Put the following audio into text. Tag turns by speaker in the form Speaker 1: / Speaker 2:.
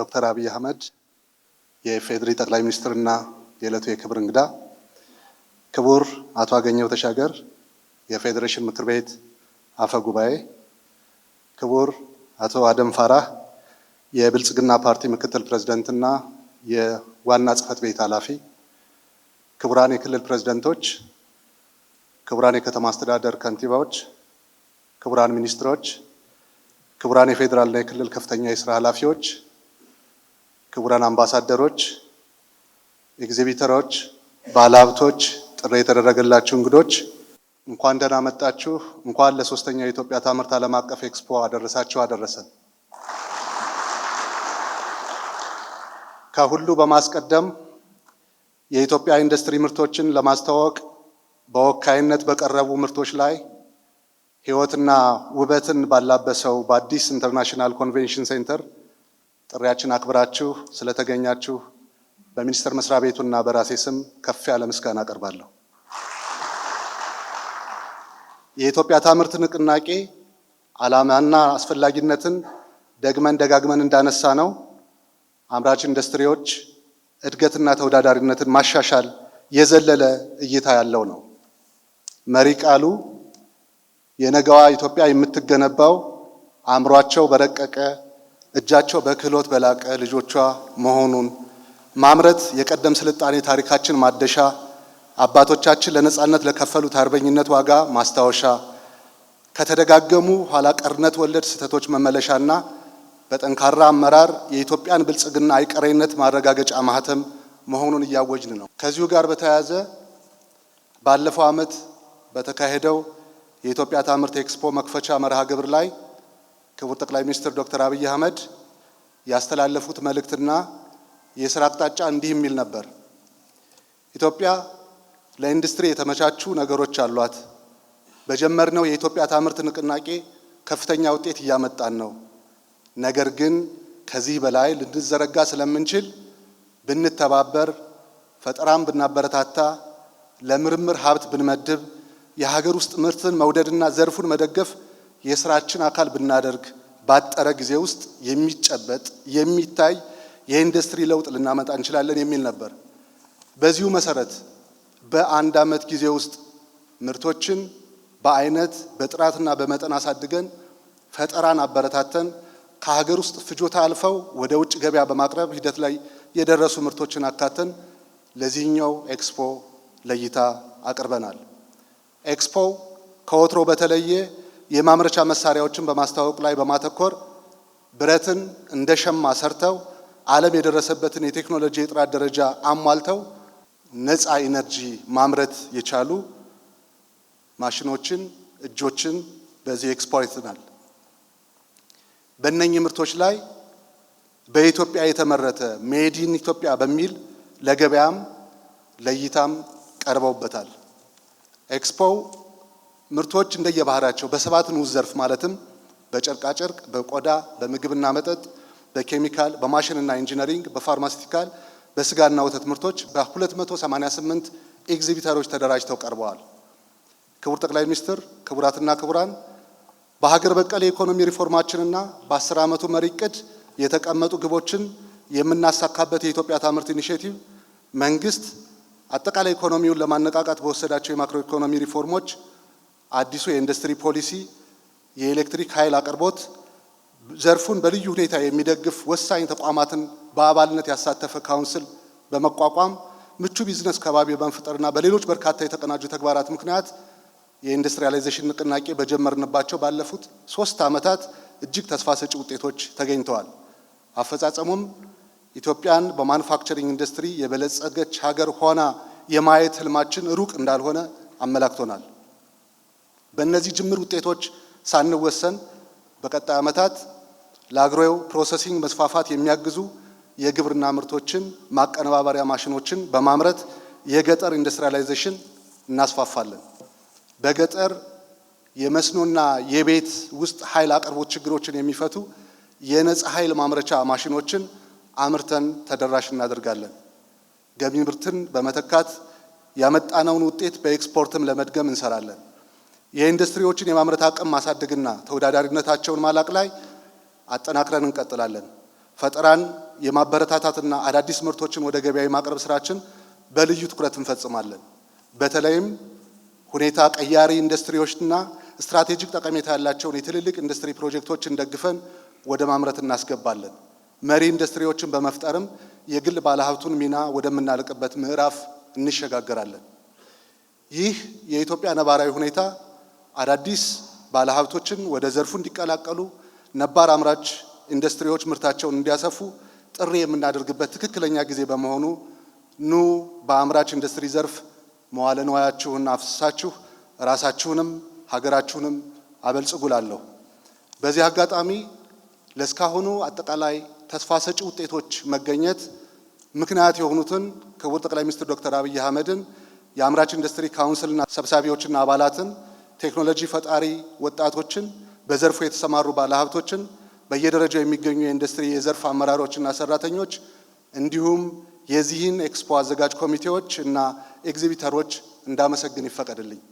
Speaker 1: ዶክተር አብይ አህመድ የፌዴሪ ጠቅላይ ሚኒስትርና የዕለቱ የክብር እንግዳ፣ ክቡር አቶ አገኘው ተሻገር የፌዴሬሽን ምክር ቤት አፈ ጉባኤ፣ ክቡር አቶ አደም ፋራህ የብልጽግና ፓርቲ ምክትል ፕሬዝደንትና የዋና ጽህፈት ቤት ኃላፊ፣ ክቡራን የክልል ፕሬዝደንቶች፣ ክቡራን የከተማ አስተዳደር ከንቲባዎች፣ ክቡራን ሚኒስትሮች፣ ክቡራን የፌዴራልና የክልል ከፍተኛ የስራ ኃላፊዎች ክቡራን አምባሳደሮች፣ ኤግዚቢተሮች፣ ባለሀብቶች፣ ጥሪ የተደረገላችሁ እንግዶች እንኳን ደህና መጣችሁ። እንኳን ለሶስተኛው የኢትዮጵያ ታምርት ዓለም አቀፍ ኤክስፖ አደረሳችሁ አደረሰን። ከሁሉ በማስቀደም የኢትዮጵያ ኢንዱስትሪ ምርቶችን ለማስተዋወቅ በወካይነት በቀረቡ ምርቶች ላይ ሕይወትና ውበትን ባላበሰው በአዲስ ኢንተርናሽናል ኮንቬንሽን ሴንተር ጥሪያችን አክብራችሁ ስለተገኛችሁ በሚኒስቴር መስሪያ ቤቱና በራሴ ስም ከፍ ያለ ምስጋና አቀርባለሁ። የኢትዮጵያ ታምርት ንቅናቄ ዓላማና አስፈላጊነትን ደግመን ደጋግመን እንዳነሳ ነው አምራች ኢንዱስትሪዎች እድገትና ተወዳዳሪነትን ማሻሻል የዘለለ እይታ ያለው ነው። መሪ ቃሉ የነገዋ ኢትዮጵያ የምትገነባው አእምሯቸው በረቀቀ እጃቸው በክህሎት በላቀ ልጆቿ መሆኑን ማምረት የቀደም ስልጣኔ ታሪካችን ማደሻ አባቶቻችን ለነጻነት ለከፈሉት አርበኝነት ዋጋ ማስታወሻ ከተደጋገሙ ኋላ ቀርነት ወለድ ስህተቶች መመለሻና በጠንካራ አመራር የኢትዮጵያን ብልጽግና አይቀሬነት ማረጋገጫ ማህተም መሆኑን እያወጅን ነው። ከዚሁ ጋር በተያያዘ ባለፈው ዓመት በተካሄደው የኢትዮጵያ ታምርት ኤክስፖ መክፈቻ መርሃ ግብር ላይ ክቡር ጠቅላይ ሚኒስትር ዶክተር አብይ አህመድ ያስተላለፉት መልእክትና የስራ አቅጣጫ እንዲህ የሚል ነበር። ኢትዮጵያ ለኢንዱስትሪ የተመቻቹ ነገሮች አሏት። በጀመርነው የኢትዮጵያ ታምርት ንቅናቄ ከፍተኛ ውጤት እያመጣን ነው። ነገር ግን ከዚህ በላይ ልንዘረጋ ስለምንችል ብንተባበር፣ ፈጠራም ብናበረታታ፣ ለምርምር ሀብት ብንመድብ፣ የሀገር ውስጥ ምርትን መውደድና ዘርፉን መደገፍ የስራችን አካል ብናደርግ ባጠረ ጊዜ ውስጥ የሚጨበጥ የሚታይ የኢንዱስትሪ ለውጥ ልናመጣ እንችላለን የሚል ነበር። በዚሁ መሰረት በአንድ አመት ጊዜ ውስጥ ምርቶችን በአይነት በጥራትና በመጠን አሳድገን ፈጠራን አበረታተን ከሀገር ውስጥ ፍጆታ አልፈው ወደ ውጭ ገበያ በማቅረብ ሂደት ላይ የደረሱ ምርቶችን አካተን ለዚህኛው ኤክስፖ ለእይታ አቅርበናል። ኤክስፖ ከወትሮ በተለየ የማምረቻ መሳሪያዎችን በማስተዋወቅ ላይ በማተኮር ብረትን እንደ ሸማ ሰርተው ዓለም የደረሰበትን የቴክኖሎጂ የጥራት ደረጃ አሟልተው ነፃ ኢነርጂ ማምረት የቻሉ ማሽኖችን፣ እጆችን በዚህ ኤክስፖርትናል። አይተናል። በእነኚህ ምርቶች ላይ በኢትዮጵያ የተመረተ ሜዲን ኢትዮጵያ በሚል ለገበያም ለእይታም ቀርበውበታል። ኤክስፖው ምርቶች እንደየባህሪያቸው በሰባት ንዑስ ዘርፍ ማለትም በጨርቃጨርቅ፣ በቆዳ፣ በምግብና መጠጥ፣ በኬሚካል፣ በማሽንና ኢንጂነሪንግ፣ በፋርማሲቲካል፣ በስጋና ወተት ምርቶች በ288 ኤግዚቢተሮች ተደራጅተው ቀርበዋል። ክቡር ጠቅላይ ሚኒስትር፣ ክቡራትና ክቡራን በሀገር በቀል የኢኮኖሚ ሪፎርማችንና በአስር ዓመቱ መሪ እቅድ የተቀመጡ ግቦችን የምናሳካበት የኢትዮጵያ ታምርት ኢኒሽቲቭ መንግስት አጠቃላይ ኢኮኖሚውን ለማነቃቃት በወሰዳቸው የማክሮ ኢኮኖሚ ሪፎርሞች አዲሱ የኢንዱስትሪ ፖሊሲ የኤሌክትሪክ ኃይል አቅርቦት ዘርፉን በልዩ ሁኔታ የሚደግፍ ወሳኝ ተቋማትን በአባልነት ያሳተፈ ካውንስል በመቋቋም ምቹ ቢዝነስ ከባቢ በመፍጠርና በሌሎች በርካታ የተቀናጁ ተግባራት ምክንያት የኢንዱስትሪያላይዜሽን ንቅናቄ በጀመርንባቸው ባለፉት ሶስት ዓመታት እጅግ ተስፋ ሰጪ ውጤቶች ተገኝተዋል። አፈጻጸሙም ኢትዮጵያን በማኑፋክቸሪንግ ኢንዱስትሪ የበለጸገች ሀገር ሆና የማየት ህልማችን ሩቅ እንዳልሆነ አመላክቶናል። በእነዚህ ጅምር ውጤቶች ሳንወሰን በቀጣይ ዓመታት ለአግሮ ፕሮሰሲንግ መስፋፋት የሚያግዙ የግብርና ምርቶችን ማቀነባበሪያ ማሽኖችን በማምረት የገጠር ኢንዱስትሪያላይዜሽን እናስፋፋለን። በገጠር የመስኖና የቤት ውስጥ ኃይል አቅርቦት ችግሮችን የሚፈቱ የነፃ ኃይል ማምረቻ ማሽኖችን አምርተን ተደራሽ እናደርጋለን። ገቢ ምርትን በመተካት ያመጣነውን ውጤት በኤክስፖርትም ለመድገም እንሰራለን። የኢንዱስትሪዎችን የማምረት አቅም ማሳደግና ተወዳዳሪነታቸውን ማላቅ ላይ አጠናክረን እንቀጥላለን። ፈጠራን የማበረታታትና አዳዲስ ምርቶችን ወደ ገበያ የማቅረብ ስራችን በልዩ ትኩረት እንፈጽማለን። በተለይም ሁኔታ ቀያሪ ኢንዱስትሪዎችና ስትራቴጂክ ጠቀሜታ ያላቸውን የትልልቅ ኢንዱስትሪ ፕሮጀክቶችን ደግፈን ወደ ማምረት እናስገባለን። መሪ ኢንዱስትሪዎችን በመፍጠርም የግል ባለሀብቱን ሚና ወደምናልቅበት ምዕራፍ እንሸጋገራለን። ይህ የኢትዮጵያ ነባራዊ ሁኔታ አዳዲስ ባለሀብቶችን ወደ ዘርፉ እንዲቀላቀሉ፣ ነባር አምራች ኢንዱስትሪዎች ምርታቸውን እንዲያሰፉ ጥሪ የምናደርግበት ትክክለኛ ጊዜ በመሆኑ ኑ በአምራች ኢንዱስትሪ ዘርፍ መዋለ ንዋያችሁን አፍስሳችሁ ራሳችሁንም ሀገራችሁንም አበልጽጉላለሁ። በዚህ አጋጣሚ ለእስካሁኑ አጠቃላይ ተስፋ ሰጪ ውጤቶች መገኘት ምክንያት የሆኑትን ክቡር ጠቅላይ ሚኒስትር ዶክተር አብይ አህመድን የአምራች ኢንዱስትሪ ካውንስልና ሰብሳቢዎችና አባላትን ቴክኖሎጂ ፈጣሪ ወጣቶችን፣ በዘርፉ የተሰማሩ ባለሀብቶችን፣ በየደረጃው የሚገኙ የኢንዱስትሪ የዘርፍ አመራሮችና ሰራተኞች እንዲሁም የዚህን ኤክስፖ አዘጋጅ ኮሚቴዎች እና ኤግዚቢተሮች እንዳመሰግን ይፈቀድልኝ።